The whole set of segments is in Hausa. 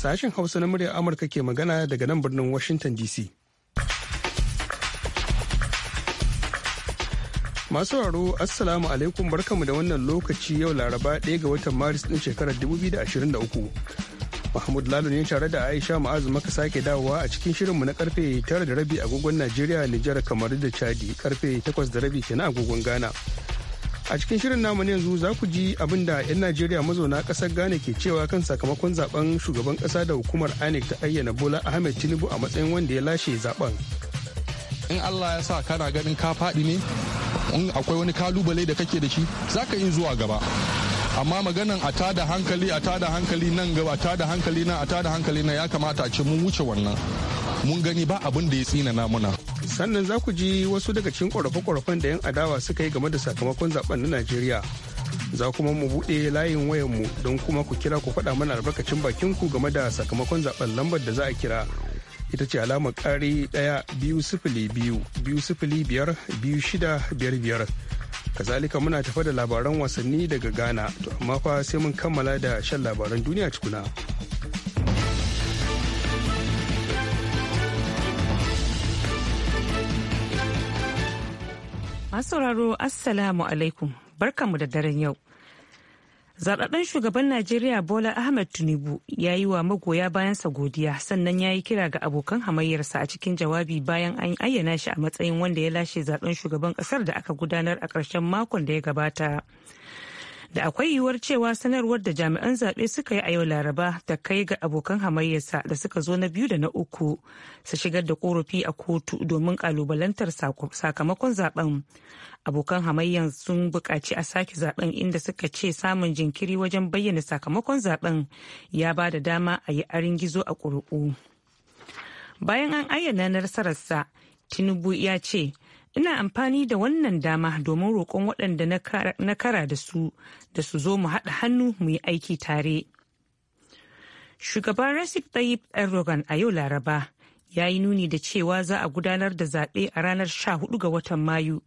Sashen Hausa na muryar Amurka ke magana daga nan birnin Washington DC. Masu sauraro Assalamu alaikum barkamu da wannan lokaci yau Laraba ɗaya ga watan Maris ɗin shekarar 2023. Mahmud Lalo ne tare da Aisha Ma'azu maka sake dawowa a cikin shirinmu na karfe 9 da rabi agogon Najeriya, Nijar, kamar da Chadi, karfe 8 da rabi kenan agogon Ghana. a cikin shirin namu ne yanzu za ku ji abin da 'yan najeriya mazauna kasar ghana ke cewa kan sakamakon zaben shugaban kasa da hukumar inec ta ayyana bola ahmed tinubu a matsayin wanda ya lashe zaben in allah ya sa kana ganin ka faɗi ne in akwai wani kalubale da kake da shi za ka yi zuwa gaba amma maganan a tada hankali a tada hankali nan gaba a tada hankali nan a tada hankali nan ya kamata a ce mun wuce wannan mun gani ba abin da ya tsinana muna sannan za ku ji wasu daga cikin ƙorafe-ƙorafen da 'yan adawa suka yi game da sakamakon zaɓen na najeriya za kuma mu buɗe layin wayanmu don kuma ku kira ku faɗa mana albarkacin bakin ku game da sakamakon zaɓen lambar da za a kira ita ce alamar ƙari ɗaya biyu sifili biyu biyu sifili biyar biyu shida biyar biyar kazalika muna tafa da labaran wasanni daga ghana to amma fa sai mun kammala da shan labaran duniya tukuna. Masu sauraro Assalamu alaikum barkanmu da daren yau. Zaɗaɗɗen shugaban Najeriya Bola Ahmed Tinubu ya yi wa magoya bayansa godiya sannan ya yi kira ga abokan hamayyarsa a cikin jawabi bayan an ayyana shi a matsayin wanda ya lashe zaɓen shugaban ƙasar da aka gudanar a ƙarshen makon da ya gabata. da akwai yiwuwar cewa sanarwar da jami'an zaɓe suka yi a yau laraba ta kai ga abokan hamayyarsa da suka zo na biyu da na uku su shigar da korafi a kotu domin kalubalantar sakamakon zaben abokan hamayyar sun buƙaci a sake zaben inda suka ce samun jinkiri wajen bayyana sakamakon zaben ya ba da dama a yi arin gizo a ƙuri'u bayan an ayyana nasararsa tinubu ya ce ina amfani da wannan dama domin roƙon waɗanda na kara da su da su zo mu haɗa hannu mu yi aiki tare. Shugaban Recep Tayyip Erdogan a yau Laraba ya yi nuni da cewa za a gudanar da zaɓe a ranar 14 ga watan Mayu,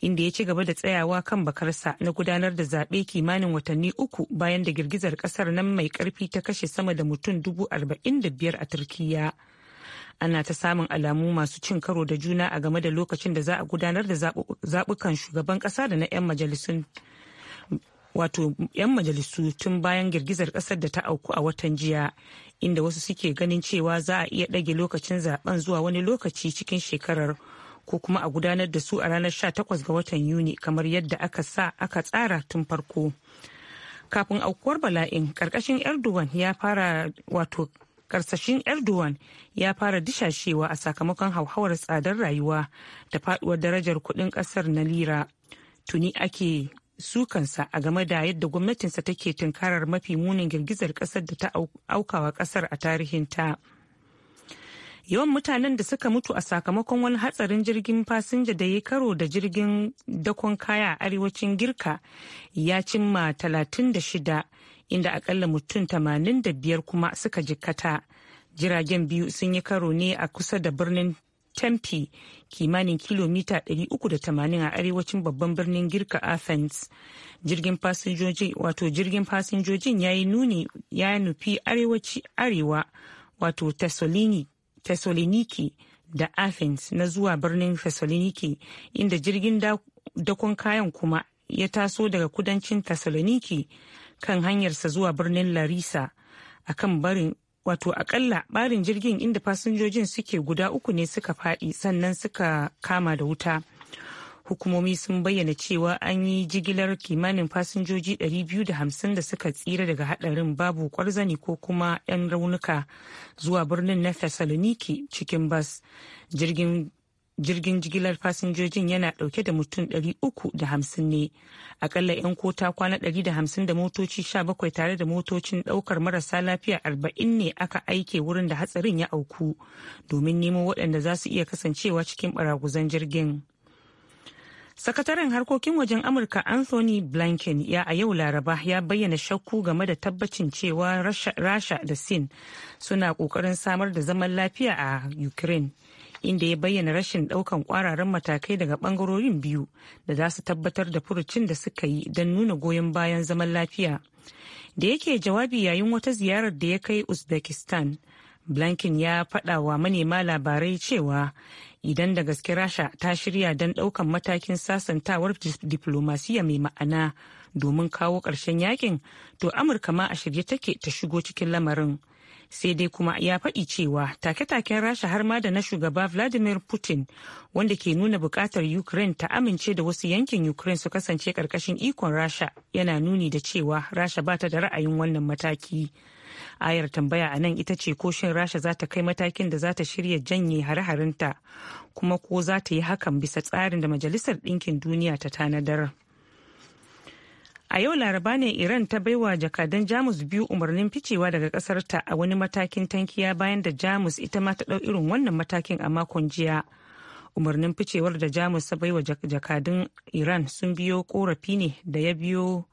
inda ya ci gaba da tsayawa kan bakarsa na gudanar da zaɓe kimanin watanni uku bayan da girgizar ƙasar nan mai ƙarfi ta kashe sama da mutum dubu arba'in da biyar a Turkiyya. ana ta samun alamu masu cin karo da juna a game da lokacin da za a gudanar da zaɓukan shugaban ƙasa da na 'yan majalisun wato 'yan majalisu tun bayan girgizar ƙasar da ta auku a watan jiya inda wasu suke ganin cewa za a iya ɗage lokacin zaben zuwa wani lokaci cikin shekarar ko kuma a gudanar da su a ranar 18 ga watan yuni kamar yadda aka sa aka tsara tun farko kafin aukuwar bala'in karkashin erdogan ya fara wato karsashin erdogan ya fara dishashewa a sakamakon hauhawar tsadar rayuwa da faduwar darajar kudin kasar na lira tuni ake sukansa a game da yadda gwamnatinsa take tunkarar mafi munin girgizar kasar da ta aukawa kasar a tarihinta yawan mutanen da suka mutu a sakamakon wani hatsarin jirgin fasinja da ya karo da jirgin dakon kaya a arewacin girka ya cimma 36 inda akalla mutum tamanin da biyar kuma suka jikkata. Jiragen biyu sun yi karo ne a kusa da birnin Tempe kimanin kilomita 380 a arewacin babban birnin Girka Athens. Jirgin fasinjoji wato jirgin fasinjojin ya yi nuni ya nufi arewaci arewa wato Thessaloniki da Athens na zuwa birnin Thessaloniki inda jirgin dakon kayan kuma ya taso daga kudancin Thessaloniki kan hanyarsa zuwa birnin larisa akan barin wato akalla barin jirgin inda fasinjojin suke guda uku ne suka faɗi sannan suka kama da wuta hukumomi sun bayyana cewa an yi jigilar kimanin fasinjoji 250 da suka tsira daga hadarin babu kwarzani ko kuma 'yan raunuka zuwa birnin na thessaloniki cikin bas jirgin jirgin jigilar fasinjojin yana dauke da mutum uku da hamsin ne akalla 'yan kota kwana 150 da motoci sha bakwai tare da motocin daukar marasa lafiya arba'in ne aka aike wurin da hatsarin ya auku domin nemo waɗanda za su iya kasancewa cikin baraguzan jirgin sakataren harkokin wajen amurka anthony blinken ya a yau laraba ya bayyana shakku game da tabbacin cewa rasha, da sin suna kokarin samar da zaman lafiya a ukraine inda ya bayyana rashin daukan kwararan matakai daga bangarorin biyu da za su tabbatar da furucin da suka yi don nuna goyon bayan zaman lafiya da yake jawabi yayin wata ziyarar da ya kai uzbekistan blankin ya faɗawa wa manema labarai cewa idan da gaske rasha ta shirya don ɗaukan matakin sasantawar diplomasiya mai ma'ana domin kawo ƙarshen yakin to amurka ma a shirye take ta shigo cikin lamarin. sai dai kuma ya faɗi cewa take-taken rasha har ma da na shugaba vladimir putin wanda ke nuna buƙatar ukraine ta amince da wasu yankin ukraine su kasance ƙarƙashin ikon rasha yana nuni da cewa rasha ba ta da ra'ayin wannan mataki ayar tambaya a nan ita ce ko shin rasha za ta kai matakin da za ta shirya janye hare-harenta kuma ko za ta yi hakan bisa tsarin da majalisar ɗinkin duniya ta tanadar. a yau laraba ne iran ta baiwa jakadan jamus biyu umarnin ficewa daga kasar a wani matakin tankiya bayan da jamus ita ma ta ɗau irin wannan matakin a makon jiya umarnin ficewar da jamus ta baiwa jakadun iran sun biyo korafi ne da ya biyo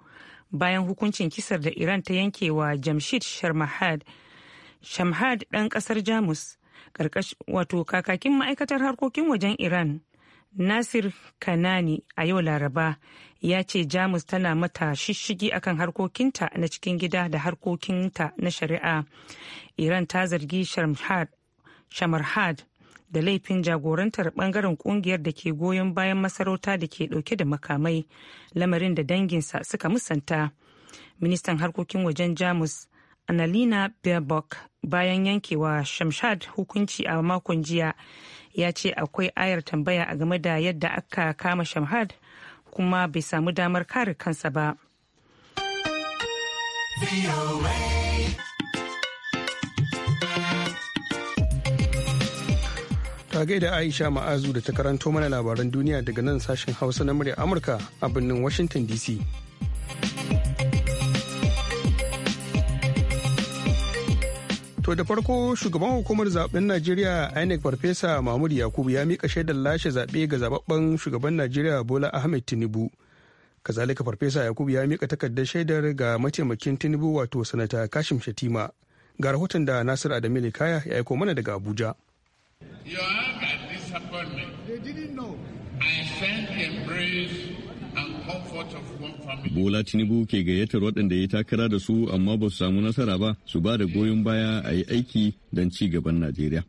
bayan hukuncin kisar da iran ta yanke wa jamshid sharmahad shamhad ɗan ƙasar jamus wato kakakin ma'aikatar harkokin wajen iran nasir kanani a yau laraba ya ce jamus tana mata shishigi akan harkokinta na cikin gida da harkokinta na shari'a iran ta zargi shamarhad da laifin jagorantar bangaren kungiyar da ke goyon bayan masarauta da ke dauke da makamai lamarin da danginsa suka musanta ministan harkokin wajen jamus annalina baerbock bayan yankewa shamshad hukunci a makon jiya ya ce akwai ayar tambaya a game da yadda aka kama shamhad kuma bai samu damar kare kansa ba. ta gaida aisha ma'azu da ta karanto mana labaran duniya daga nan sashen hausa na murya amurka a birnin washington dc To da farko shugaban hukumar zaben Najeriya INEC Farfesa Mahmud Yakubu ya mika shaidar lashe zaɓe ga zababben shugaban Najeriya Bola Ahmed Tinubu. Kazalika Farfesa Yakubu ya mika takardar shaidar ga mataimakin Tinubu wato Sanata Kashim Shatima. Ga rahoton da Nasir Adamili Kaya ya aiko mana daga Abuja. Your Bola Tinubu ke gayyatar waɗanda ya takara da su amma ba su samu nasara ba su ba da goyon baya a yi aiki don ci gaban Najeriya.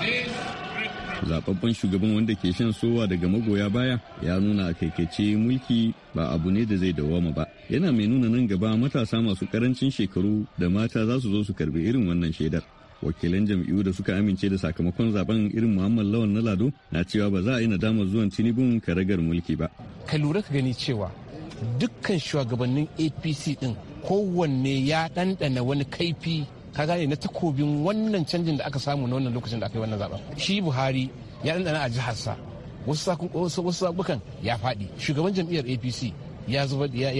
This zababben shugaban wanda ke shan sowa daga magoya baya ya nuna a kaikace mulki ba abu ne da zai dawama ba yana mai nuna nan gaba matasa masu karancin shekaru da mata za su zo su karbi irin wannan shaidar wakilan jam'iyyu da suka amince da sakamakon zaben irin muhammad lawan na lado na cewa ba za a yi nadamar zuwan ka ragar mulki ba ka lura ka gani cewa dukkan shugabannin apc din kowanne ya ɗanɗana wani kaifi ka gane na takobin wannan canjin da aka samu na wannan lokacin da aka yi wannan zaben shi buhari ya dandana a jiharsa wasu sabukan ya faɗi shugaban jam'iyyar apc ya zuba ya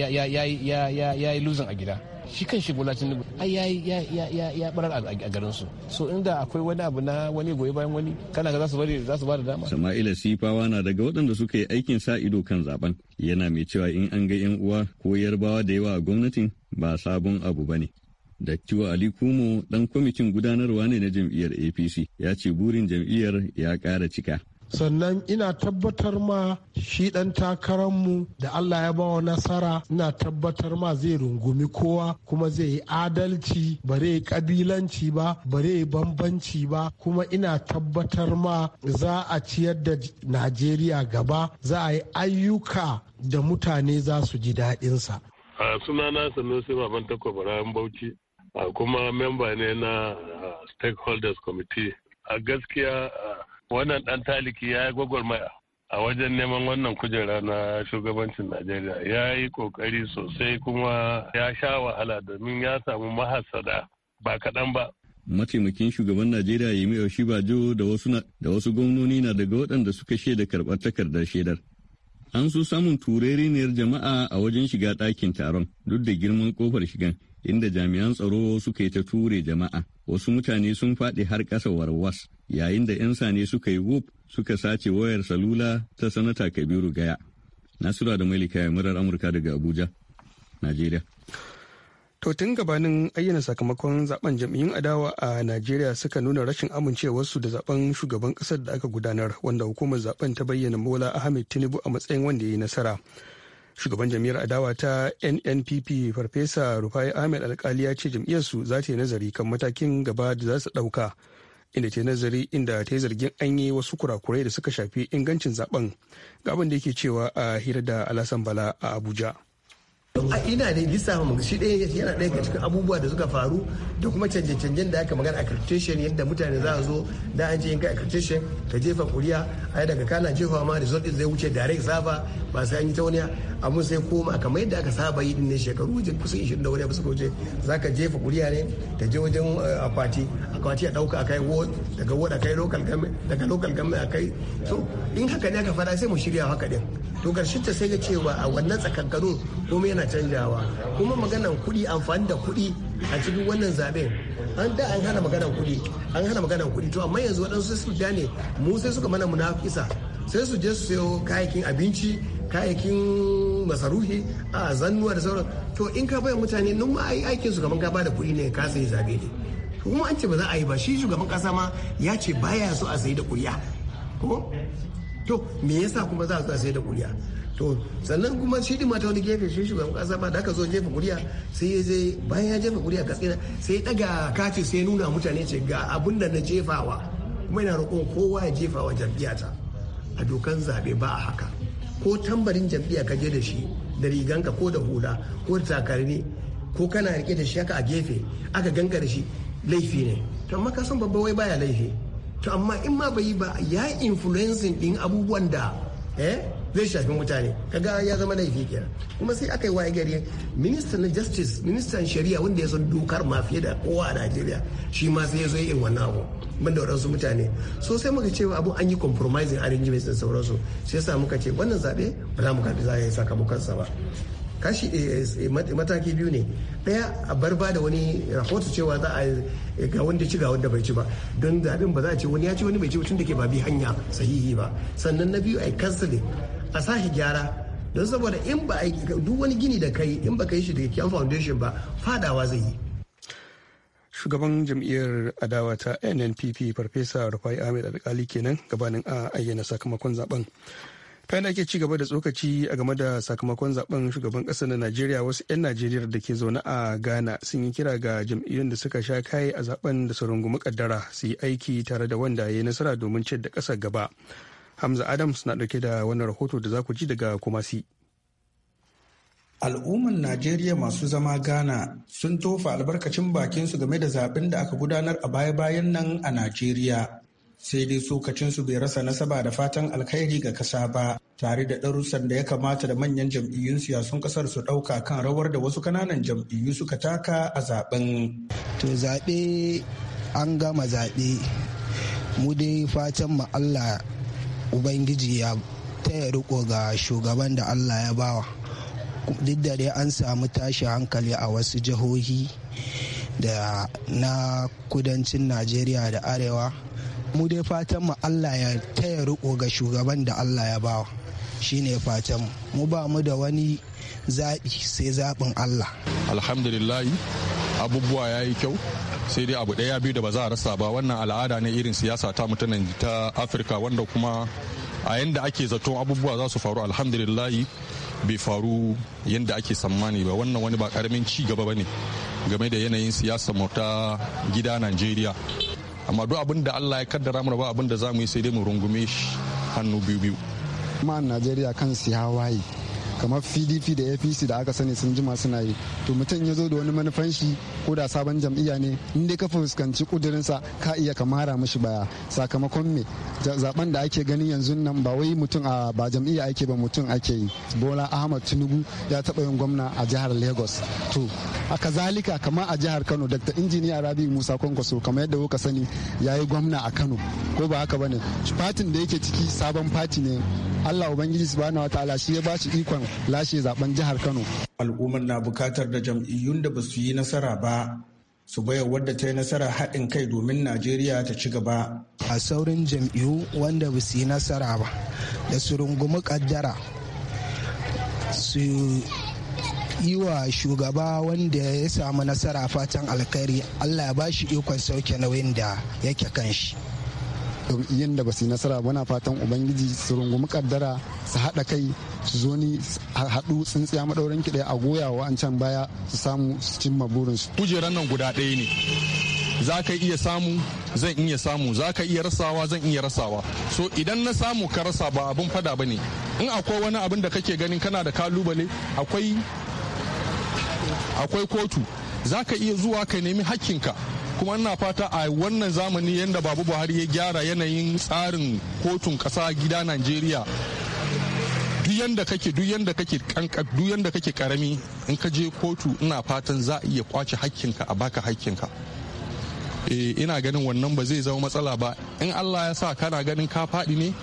yi luzin a gida shi kan shi gulacin ai ya ya ya barar a garin su so inda akwai wani abu na wani goyi bayan wani kana ga za su bari su ba da dama Sama'ila Sifawa na daga waɗanda suka yi aikin sa ido kan zaben yana mai cewa in an ga yan uwa ko yarbawa da yawa a gwamnatin ba sabon abu bane Dattiwa Ali Kumo dan kwamitin gudanarwa ne na jam'iyyar APC ya ce burin jam'iyyar ya kara cika. sannan ina tabbatar ma shi ɗan takararmu da Allah ya bawa nasara ina tabbatar ma zai rungumi kowa kuma zai yi adalci ba kabilanci ba ba bambanci ba kuma ina tabbatar ma za a ciyar da Najeriya gaba za a yi ayyuka da mutane za su ji daɗinsa. a sunana sanusi baban takwa barayan bauchi kuma memba ne na uh, stakeholders committee a gaskiya uh, wannan dan taliki ya yi gwagwarmaya a wajen neman wannan kujera na shugabancin najeriya ya yi kokari sosai kuma ya sha wahala domin ya samu mahasada ba kaɗan ba mataimakin shugaban najeriya yi oshibajo ba jo da wasu gwamnoni na daga waɗanda suka shaida karɓar takardar shaidar an so samun turereniyar jama'a a wajen shiga ɗakin taron duk da girman kofar shigan inda jami'an tsaro suka yi ta ture jama'a wasu mutane sun faɗi har ƙasa warwas yayin da 'yan sane suka yi wuf suka sace wayar salula ta sanata kabiru gaya nasura da malika ya murar amurka daga abuja najeriya to tun gabanin ayyana sakamakon zaben jam'iyyun adawa a najeriya suka nuna rashin amincewarsu da zaben shugaban kasar da aka gudanar wanda hukumar zaben ta bayyana mola ahmed tinubu a matsayin wanda ya yi nasara shugaban jam'iyyar adawa ta nnpp farfesa rufai ahmed alkali ya ce jam'iyyarsu za ta yi nazari kan matakin gaba da za su ɗauka inda ta yi nazari inda ta yi zargin an yi wasu kurakurai da suka shafi ingancin zaben ga abin da yake cewa a hira da alasan bala a abuja a ina dai lissafa mu shi ɗaya yana ɗaya cikin abubuwa da suka faru da kuma canje-canjen da aka magana accreditation yadda mutane za a zo da an ce yin ka accreditation ka jefa kuriya ai daga kana jefa ma result zai wuce direct safa ba sai an yi ta wani abun sai koma kamar yadda aka saba yi din ne shekaru kusa kusan 20 da wani abu suka wuce za ka jefa kuriya ne ta je wajen eh, akwati akwati a ɗauka a kai ward daga ward a kai local government daga local government a kai to in haka ne aka fara sai mu shirya haka din to karshen ta sai ga cewa a wannan tsakankanu komai yana yana canjawa kuma maganan kuɗi amfani da kuɗi a cikin wannan zaben an da an hana maganan kuɗi an hana maganar kuɗi to amma yanzu waɗansu su gane mu sai suka mana munafisa sai su je su sayo kayakin abinci kayakin masaruhi a zannuwa da sauran to in ka bai mutane nan ma ai aikin su ka bada kuɗi ne ka sayi zabe ne kuma an ce ba za a yi ba shi shugaban kasa ma ya ce baya so a sayi da kuriya ko to me yasa kuma za a sayi da kuriya to sannan kuma shi ne mata wani gefe shi shugaban kasa ba da aka zo jefa kuriya sai ya je bayan ya jefa kuriya katsina sai ya daga kati sai ya nuna mutane ce ga abin da na jefawa kuma yana roƙon kowa ya jefawa jam'iyyata a dokan zabe ba a haka ko tambarin jam'iyya ka je da shi da riganka ko da hula ko da takarni ko kana rike da shi haka a gefe aka ganka da shi laifi ne to amma ka san babba wai baya laifi to amma in ma bai yi ba ya influencing din abubuwan da eh zai shafi mutane kaga ya zama laifi kenan kuma sai aka yi waye gari ministan na justice ministan shari'a wanda ya san dokar ma fiye da kowa a Najeriya shi ma sai ya zo irin wannan abu ban da wadansu mutane so sai muka ce abu an yi compromising arrangements da sauransu sai sa muka ce wannan zaɓe ba za mu karɓi za a yi sakamakonsa ba kashi eh, eh, mataki biyu ne ɗaya a bar ba da wani rahoto cewa za a eh, ga wanda ci ga wanda bai ci ba don zaɓen ba za a ce wani ya ci wani bai ci tun da ke ba bi hanya sahihi ba sannan na biyu a yi a sashi gyara don saboda in ba a duk wani gini da kai in ba ka yi shi da kyan foundation ba fadawa zai yi shugaban jam'iyyar adawa ta nnpp farfesa rufai ahmed alkali kenan gabanin a ayyana sakamakon zaben kayan ake ci gaba da tsokaci a game da sakamakon zaben shugaban kasa na najeriya wasu 'yan najeriya da ke zaune a ghana sun yi kira ga jam'iyyun da suka sha kai a zaben da su rungumi kaddara su yi aiki tare da wanda ya yi nasara domin ciyar da ƙasar gaba Hamza Adams na ɗauke da wani rahoto da za ku ji daga Kumasi. Al'umman Najeriya masu zama Ghana sun tofa albarkacin bakinsu game da zaben da aka gudanar a baya-bayan nan a Najeriya. Sai dai su bai rasa nasaba da fatan alkhairi ga ƙasa ba, tare da darussan da ya kamata da manyan jam'iyyun siyasun kasar su ɗauka kan rawar da wasu kananan jam'iyyu suka taka a zaben. To zaɓe an gama zaɓe, mu dai fatan mu Allah ubangiji ya taya riko ga shugaban da allah ya bawa duk da dai an samu tashi hankali a wasu jihohi da na kudancin najeriya da arewa mu dai fatan mu allah ya taya riko ga shugaban da allah ya bawa shine fatan mu ba mu da wani zaɓi sai zaɓin allah alhamdulillah abubuwa ya yi kyau sai dai abu ɗaya biyu da ba za a rasa ba wannan al'ada ne irin siyasa ta mutanen ta afirka wanda kuma a yanda ake zaton abubuwa za su faru alhamdulillahi bai faru yanda ake sammani ba wannan wani ba karamin ci gaba ba ne game da yanayin siyasa mu gida najeriya amma duk abin da allah ya kaddara mana ba abin da za mu yi sai dai mu rungume shi hannu biyu biyu kuma najeriya kan siya waye kamar pdp da apc da aka sani sun jima suna yi to mutum ya zo da wani manufan shi ko da sabon jam'iyya ne in dai ka fuskanci kudurinsa ka iya ka mara mishi baya sakamakon me zaben da ake ganin yanzu nan ba wai mutum a ba jam'iyya ake ba mutum ake yi bola ahmad tinubu ya taba yin gwamna a jihar lagos to a kazalika kamar a jihar kano dr injiniya rabi musa kwankwaso kamar yadda kuka sani ya yi gwamna a kano ko ba haka ne fatin da yake ciki sabon fati ne allah ubangiji subhanahu ta'ala shi ya ba shi ikon lashe zaben jihar Kano. Al'ummar na bukatar da jam'iyyun da ba su yi nasara ba su baya wadda ta yi nasara haɗin kai domin najeriya ta ci gaba a saurin jam'iyyu wanda ba su yi nasara ba da su rungumi kaddara su yi wa shugaba wanda ya samu nasara fatan alkhairi allah ya ba shi ikon sauke nauyin da yake kan shi yadda ba su yi nasara muna fatan ubangiji su rungumi kaddara su haɗa kai su zo ni haɗu tsintsiya maɗaurin kiɗe a goya wa an can baya su samu su cimma burinsu. kujeran nan guda ɗaya ne za ka iya samu zan iya samu za ka iya rasawa zan iya rasawa so idan na samu ka rasa ba abun fada ba ne in akwai wani abin da kake ganin kana da kalubale akwai akwai kotu za ka iya zuwa ka nemi hakkinka kuma ina fata a wannan zamani yadda babu buhari ya gyara yanayin tsarin kotun kasa gida najeriya duk yanda kake duk yanda kake kanka duk yanda kake karami in ka je kotu ina fatan za a iya kwace hakkinka a baka hakkinka e ina ganin wannan ba zai zama matsala ba in Allah ya sa kana ganin ka faɗi ne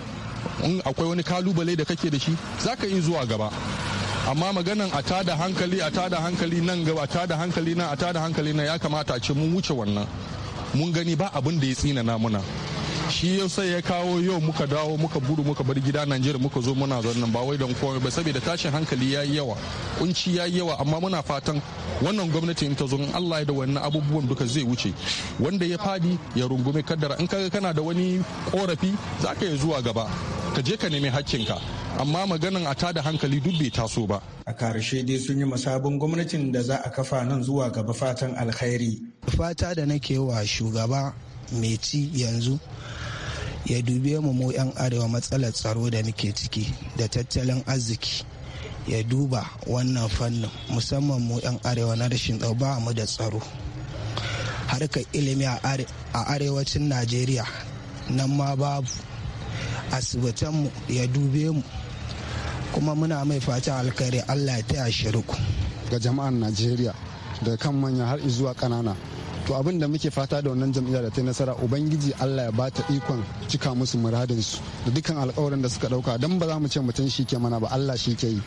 in akwai wani kalubale da kake da shi za ka yi zuwa gaba amma maganan a tada hankali a tada hankali nan gaba a tada hankali nan a tada hankali nan ya kamata a ce mun wuce wannan mun gani ba abin da ya tsinana muna shi yau sai ya kawo yau muka dawo muka buru muka bar gida Najeriya muka zo muna zannan ba wai don komai ba saboda tashin hankali ya yi yawa kunci ya yi yawa amma muna fatan wannan gwamnati in ta zo in Allah ya da wannan abubuwan duka zai wuce wanda ya fadi ya rungume kaddara in kaga kana da wani korafi zaka yi zuwa gaba ka je ka nemi hakkinka amma maganin a tada hankali duk bai taso ba a karshe dai sun yi masabin gwamnatin da za a kafa nan zuwa gaba fatan alkhairi fata da nake wa shugaba mai ci yanzu ya dube mu mu 'yan arewa matsalar tsaro da muke ciki da tattalin arziki ya duba wannan fannin musamman mu 'yan arewa na rashin tsaro ba mu da tsaro harkar ilimi a arewacin najeriya nan ma babu asibitinmu ya dube mu kuma muna mai fatan alkhairi allah ya taya shi ga jama'an najeriya da kan manya har zuwa ƙanana to abin da muke fata da wannan jam'iyya da ta nasara ubangiji allah ya bata ikon cika musu muradinsu da dukkan alkawarin da suka dauka don ba za mu ce mutum shi ke mana ba allah shi ke yi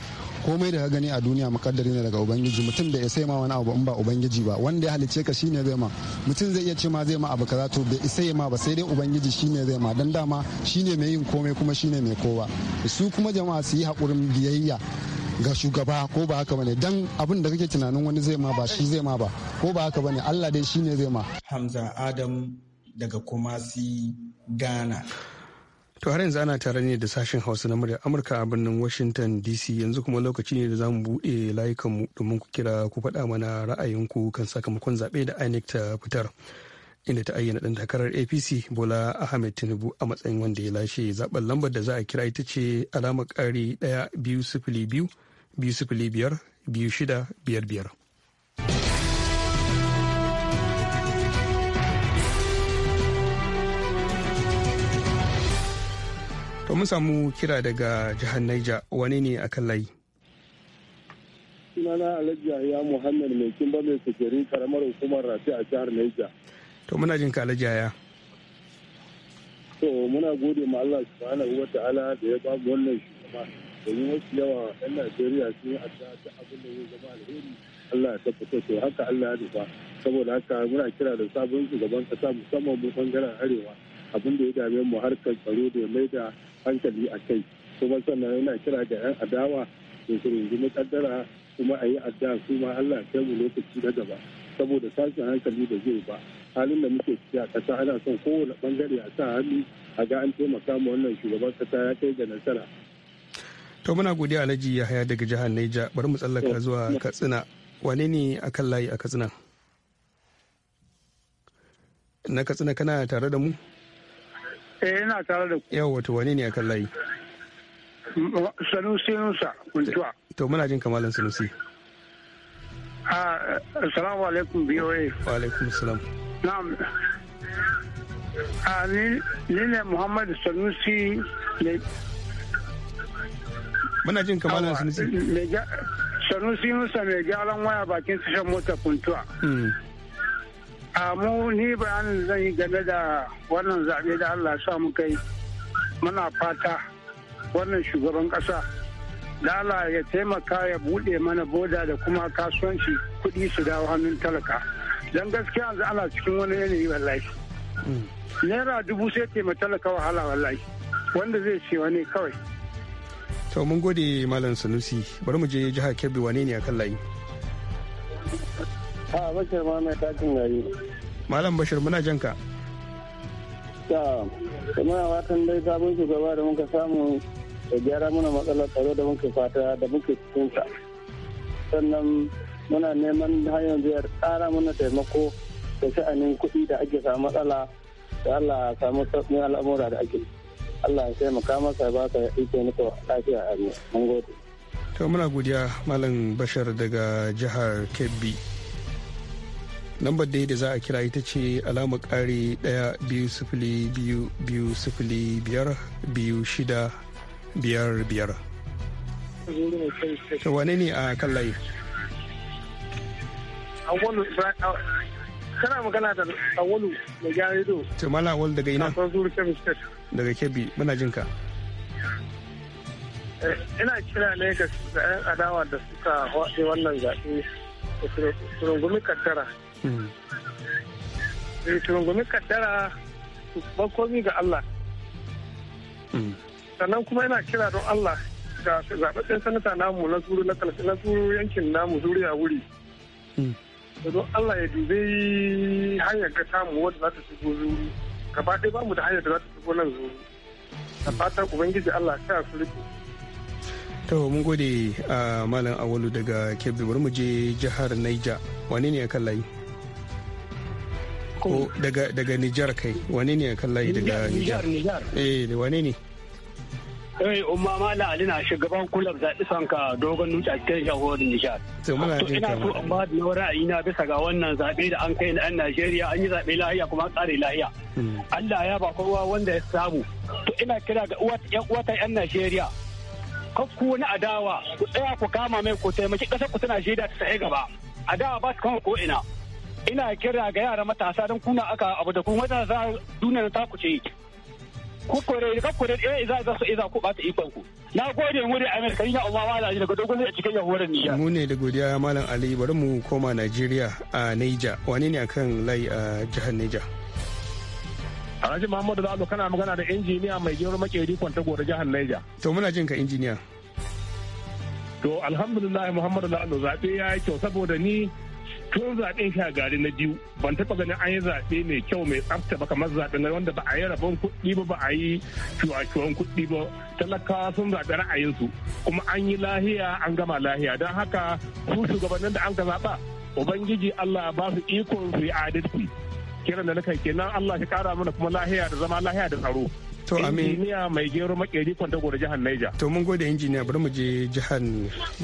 komai da ka gani a duniya makaddari ne daga ubangiji mutum da ya sai ma wani abu in ba ubangiji ba wanda ya halice ka shine zai ma mutum zai iya ce ma zai ma abu kaza to bai isa ma ba sai dai ubangiji shine zai ma dan dama shine mai yin komai kuma shine mai kowa su kuma jama'a su yi hakurin biyayya ga shugaba ko ba haka bane dan abin da kake tunanin wani zai ma ba shi zai ma ba ko ba haka bane Allah dai shine zai ma Hamza Adam daga Kumasi Ghana To har yanzu ana tare ne da sashen Hausa na muryar Amurka a birnin Washington DC yanzu kuma lokaci ne da zamu buɗe layukanmu domin ku kira ku faɗa mana ra'ayinku kan sakamakon zaɓe da INEC ta fitar. inda ta ayyana ɗan takarar apc bola ahmed tinubu a matsayin wanda ya lashe zaben lambar da za a kira ita ce alamar kari ɗaya biyu sifili biyu biyu sifili biyar biyu shida biyar biyar To mun samu kira daga jihar Naija wani ne a kan layi. Sunana Alhaji ya Muhammad mai kimba mai sukari karamar hukumar rafi a jihar Naija. to muna jin kala jaya to muna gode ma Allah subhanahu wa ta'ala da ya babu wannan shugaba domin wasu yawa yan Najeriya sun yi addu'a ta abin da zai zama alheri Allah ya tabbata to haka Allah ya duba saboda haka muna kira da sabon shugaban kasa musamman mu bangaren arewa abin da ya dame mu harkar tsaro da ya mai da hankali a kai kuma sannan yana kira da yan adawa da su rungumi kaddara kuma a yi addu'a su ma Allah ya kai mu lokaci na gaba saboda tashin hankali da zai ba halin da muke ciki a ƙasa ana son kowane bangare a sa hannu a ga an taimaka mu wannan shugaban ƙasa ya kai ga nasara. To muna godiya Alhaji haya daga jihar Neja bari mu tsallaka oh, zuwa Katsina wane ne akan layi a Katsina? Na Katsina kana tare da mu? Eh ina tare da ku. Yawa wato wane ne akan layi? Sanusi Nusa Kuntuwa. To muna jin kamalan Sanusi. Ah, assalamu alaikum BOA. Wa alaikum salam. Ah, ni ne Muna jin Sanusi. Sanusi Musa mai gyaran waya bakin tushen mota kuntuwa. Hmm. Ah, mu ni bayanin zan yi game da wannan zaɓe da Allah sa mu kai muna fata wannan shugaban ƙasa da Allah ya taimaka ya buɗe mana boda da kuma kasuwanci kuɗi su dawo hannun talaka. don gaskiya yanzu ana cikin wani yanayi wallahi naira dubu sai ke talaka wahala wallahi wanda zai ce wani kawai to mun gode malam sanusi bari mu je jihar kebbi wane ne akan layi a bashir ma mai takin layi malam bashir muna jan ka ta muna watan dai sabon shugaba da muka samu da gyara mana matsalar tsaro da muke fata da muke cikinsa sannan muna neman har yanzu ya ƙara mana taimako da sha'anin kuɗi da ake samu matsala da Allah samu sauƙin al'amura da ake Allah ya taimaka masa ba ka iko nika lafiya a mun gode. To muna godiya Malam Bashar daga jihar Kebbi. Lambar da da za a kira ita ce alama kare daya biyu sifili biyu biyu sifili biyar biyu shida biyar biyar. wane ne a kan layi? awwalu kana magana da awalu da gyaran to mala awwal daga ina daga kebbi muna jin ka eh, ina kira lagos da yan adawa da suka haɗe wannan zaɓe da turungumi kaddara hmm. eh, turungumi kaddara bakomi ga allah hmm. sannan kuma ina kira don allah ga zaɓaɓɓen sanata namu na zuru yankin namu zuriya wuri hmm. yanzu don Allah ya dube hanyar ka samu wadda za ta shigo zuri gaba ɗaya ba mu da hanyar da za ta shigo nan zuri da fatan ubangiji Allah ka su rike to mun gode a malam awalu daga kebbi bari mu je jihar naija wani ne kan layi daga daga nijar kai wani ne kalla yi daga nijar eh wani ne yawai eh, umma mala Ali na shugaban kulab zaɓi sanka dogon nuci a cikin shahohin Nishad. To ina so in ba da ra'ayi na bisa ga wannan zaɓe da an kai na 'yan Najeriya an yi zaɓe lahiya kuma an tsare lahiya. Hmm. Allah ya ba kowa wanda ya samu. To ina kira ga uwata 'yan Najeriya. Kakku wani adawa ku tsaya ku kama mai ku taimaki ƙasar ku ta Najeriya ta tsaye gaba. Adawa ba su kama ko ina. Ina kira ga yara matasa don kuna aka abu da kuma matasa duniya ta ku ce. ku kore ka kore eh za za su iza eh, ku bata ikon ku na gode mu da Amerika ya Allah wala ji daga dogon a cikin yahuwar niyya mu ne da godiya malam Ali bari mu koma Najeriya a Niger wane ne akan lai a jihar Niger Alhaji Muhammadu Lalo kana magana da injiniya mai gero makeri kwanta gore jihar Niger to muna jin ka injiniya to alhamdulillah Muhammadu Lalo zabe ya yi kyau saboda ni tun zaɓen gari na biyu ban taɓa ganin an yi zaɓe mai kyau mai tsafta ba kamar zaɓe na wanda ba a yi rabon kuɗi ba ba a yi shuwa-shuwan kuɗi ba talakawa sun zaɓe ra'ayinsu kuma an yi lahiya an gama lahiya don haka su shugabannin da an ka zaɓa ubangiji Allah ba su ikon su yi adalci kiran da na kai kenan Allah ya kara mana kuma lahiya da zama lahiya da tsaro to amin injiniya mai gero makeri kwanta gore jihar Niger to mun gode injiniya bari mu je jihar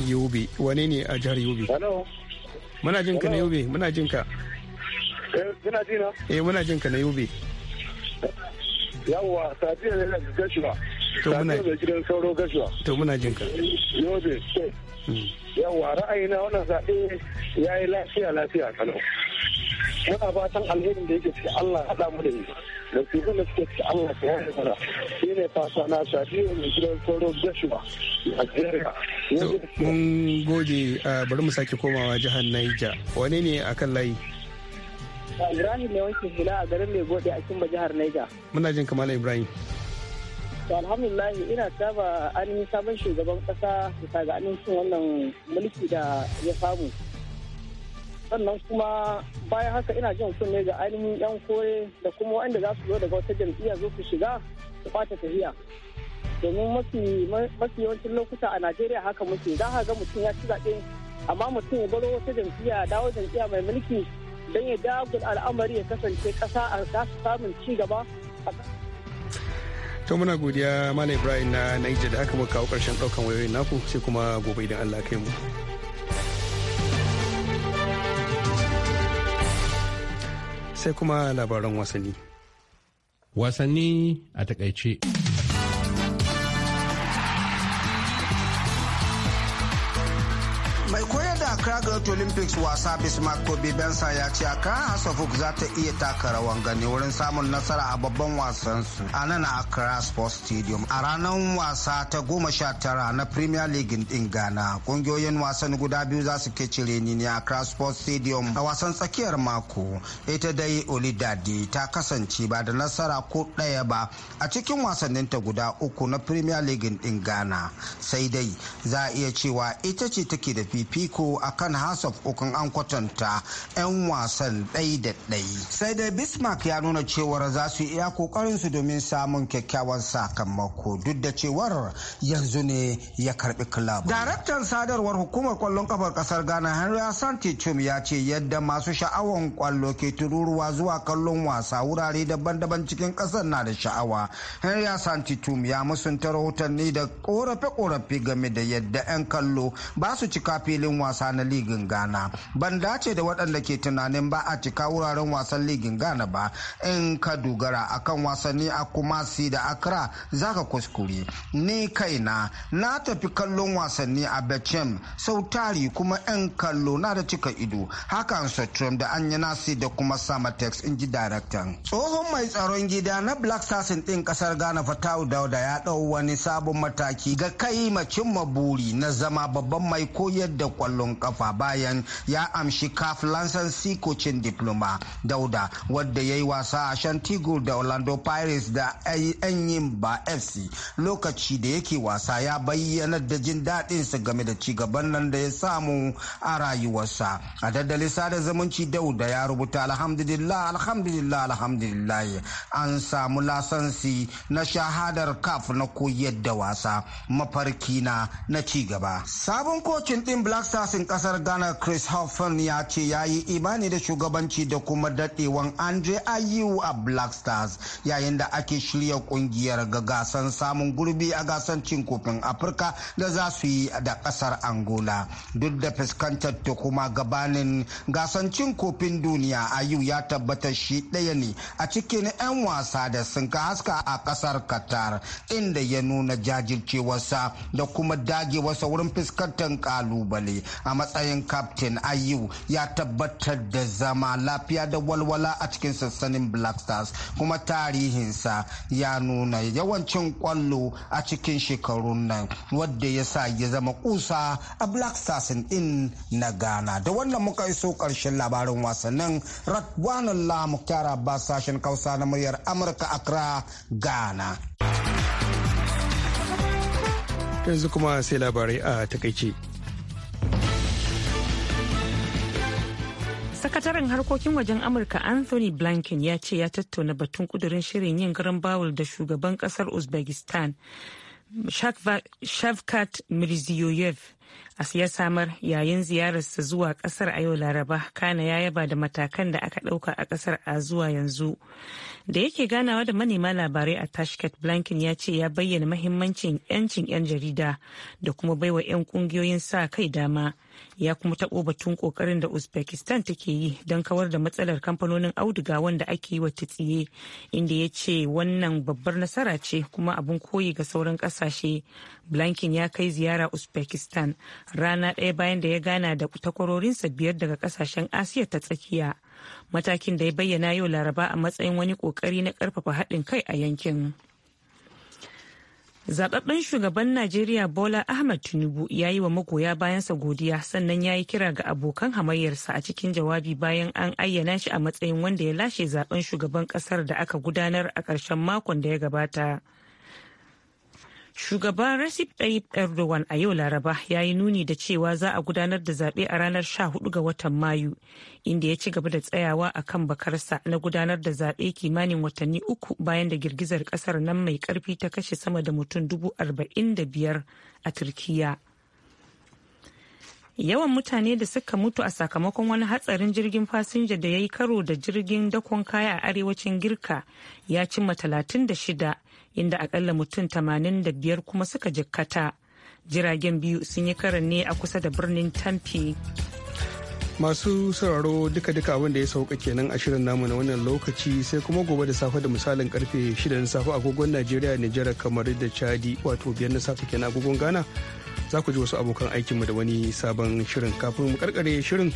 Yobe wane ne a jihar Yobe muna jin ka na yobe muna jin ka kuna eh, jina eh muna jin ka na yobe yawwa safiya ne da gashiwa to muna da gidan sauro gashiwa to muna jin ka yobe mm. yawwa na wannan zaɓe ya yi lafiya lafiya kano muna fatan alherin da yake cikin Allah haɗa mu da yi da su da suke cikin Allah ta yi mana shi ne fata na shafi mai gidan tsoro Joshua Nigeria. Mun gode bari mu sake komawa jihar Niger wani ne akan layi? Ibrahim ne wanke hula a garin mai gode a Kimba jihar Niger. Muna jin kamala Ibrahim. alhamdulillah ina saba ainihin sabon shugaban kasa bisa ga ainihin wannan mulki da ya samu sannan kuma bayan haka ina jin kunne ga ainihin yan kore da kuma wanda za su zo daga wata jam'iyya zo su shiga su fata tafiya domin mafi yawancin lokuta a najeriya haka muke za ka ga mutum ya ci zaɓe amma mutum ya baro wata jam'iyya dawo jam'iyya mai mulki don ya dagul al'amari ya kasance ƙasa a za su samun ci gaba to muna godiya malam ibrahim na naija da aka muka kawo ƙarshen ɗaukan wayoyin naku sai kuma gobe idan allah kai mu sai kuma labaran wasanni. Wasanni a takaice. Mai koyar da Accra Great Olympics wasa Bismarck Kobe Bensa ya ce a Accra Hasafuk za ta iya taka rawan gani wurin samun nasara a babban wasan su a nan Accra Sports Stadium. A ranar wasa ta goma sha tara na Premier League din Ghana, kungiyoyin wasan guda biyu za su cire ni ne a Accra Sports Stadium a wasan tsakiyar mako. Ita dai Olidade ta kasance ba da nasara ko ɗaya ba a cikin wasannin ta guda uku na Premier League din Ghana. Sai dai za a iya cewa ita ce take da fifiko a kan House of an kwatanta 'yan wasan ɗai da ɗai. Sai dai Bismarck ya nuna cewar za su iya kokarinsu domin samun kyakkyawan sakamako duk da cewar yanzu ne ya karbi club. Daraktan sadarwar hukumar kwallon kafar ƙasar Ghana Henry Asante Chum ya ce yadda masu sha'awan kwallo ke tururuwa zuwa kallon wasa wurare daban-daban cikin ƙasar na da sha'awa. Henry Asante Chum ya musunta rahotanni da korafe-korafe game da yadda 'yan kallo ba su cika filin wasa na ligin ghana ban dace da waɗanda ke tunanin ba a cika wuraren wasan ligin ghana ba in ka dogara akan wasanni a kumasi da accra zaka kuskure ni kaina na tafi kallon wasanni a bechem sau tari kuma in kallo na da cika ido hakan sotrom da anya nasi da kuma samatex in ji daraktan tsohon mai tsaron gida na black sassin din kasar ghana fatawu dauda ya dau wani sabon mataki ga kai macin maburi na zama babban mai koyar da kwallon kafa bayan ya amshi kaf lansan sikocin diploma dauda wadda ya yi wasa a shantigo da orlando pirates da yan ba fc lokaci da yake wasa ya bayyana da jin daɗinsa game da cigaban nan da ya samu a rayuwarsa a daddali sada zumunci dauda ya rubuta alhamdulillah alhamdulillah alhamdulillah an samu lasansi na shahadar kaf na koyar da wasa mafarki na na cigaba sabon kocin din black stars kasar ghana chris hoffman ya ce ya yi imani da shugabanci da kuma dadewan andre ayew a black stars yayin da ake shirya kungiyar ga gasan samun gurbi a gasan cin kofin afirka da za su yi da kasar angola duk da fuskantar ta kuma gabanin gasan cin kofin duniya ayew ya tabbatar shi ɗaya ne a cikin 'yan wasa da sun ka haska a kasar qatar inda ya nuna jajircewarsa da kuma dagewarsa wurin fuskantar kalubale a matsayin captain ayu ya tabbatar da zama lafiya da walwala a cikin sassanin black stars kuma tarihinsa ya nuna yawancin kwallo a cikin shekarun nan wadda ya sa ya zama kusa a black stars in na ghana da wannan muka iso karshen labarin wasannin lamu kyara ba sashen kausa na muryar amurka accra ghana yanzu kuma sai labarai a takaice sakataren harkokin wajen amurka anthony blinken ya ce ya tattauna batun kudurin shirin yin garin bawul da shugaban kasar uzbekistan shavkat mirziyoyev a siya samar yayin ziyararsa zuwa kasar a yau laraba kana ya yaba da matakan da aka dauka a kasar a zuwa yanzu da yake ganawa da manema labarai a tashket blankin ya ce ya bayyana mahimmancin 'yancin 'yan jarida da kuma baiwa 'yan kungiyoyin sa kai dama ya kuma taɓo batun ƙoƙarin da uzbekistan take yi don kawar da matsalar kamfanonin auduga wanda ake yi wa titsiye inda ya ce wannan babbar nasara ce kuma abin koyi ga sauran ƙasashe blankin ya kai ziyara uzbekistan rana ɗaya bayan da ya gana da takwarorinsa biyar daga ƙasashen asiya ta tsakiya matakin da ya bayyana yau laraba a matsayin wani kokari na karfafa haɗin kai a yankin Zaɓaɓɓen shugaban najeriya bola ahmad tinubu ya yi wa magoya bayansa godiya sannan ya yi kira ga abokan hamayyarsa a cikin jawabi bayan an ayyana shi a matsayin wanda ya lashe zaɓen shugaban ƙasar da aka gudanar a ƙarshen makon da ya gabata. Shugaban Recep Tayyip Erdogan a yau Laraba ya yi nuni da cewa za a gudanar da zaɓe a ranar 14 ga watan Mayu, inda ya ci gaba da tsayawa a kan bakarsa na gudanar da zaɓe kimanin watanni uku bayan da girgizar ƙasar nan mai ƙarfi ta kashe sama da mutum dubu arba'in da biyar a Turkiyya. yawan mutane da suka mutu a sakamakon wani hatsarin jirgin fasinja da ya yi karo da jirgin dakon kaya a arewacin girka ya cimma 36 inda akalla mutum 85 kuma suka jikkata jiragen biyu sun yi karan ne a kusa da birnin tamfi masu sauraro duka-duka abin da ya sauka kenan a shirin namu na wannan lokaci sai kuma gobe da safe da misalin karfe 6 na safe agogon najeriya nijar kamar da chadi wato biyar na safe kenan agogon ghana za ku ji wasu abokan aikinmu da wani sabon shirin kafin mu karkare shirin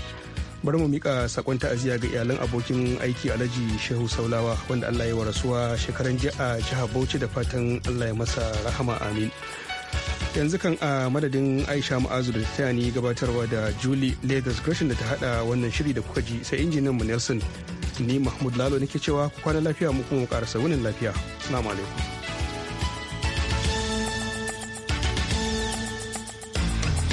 bari mu mika sakon ta'aziyya ga iyalan abokin aiki alhaji shehu saulawa wanda allah ya rasuwa shekaran jiya a jihar bauchi da fatan allah ya masa rahama amin yanzu kan a madadin aisha ma'azu da ta ni gabatarwa da julie leathers gresham da ta hada wannan shiri da kuka ji sai injiniyan mu nelson ni mahmud lalo nake cewa ku kwana lafiya mu kuma karasa wunin lafiya salamu alaikum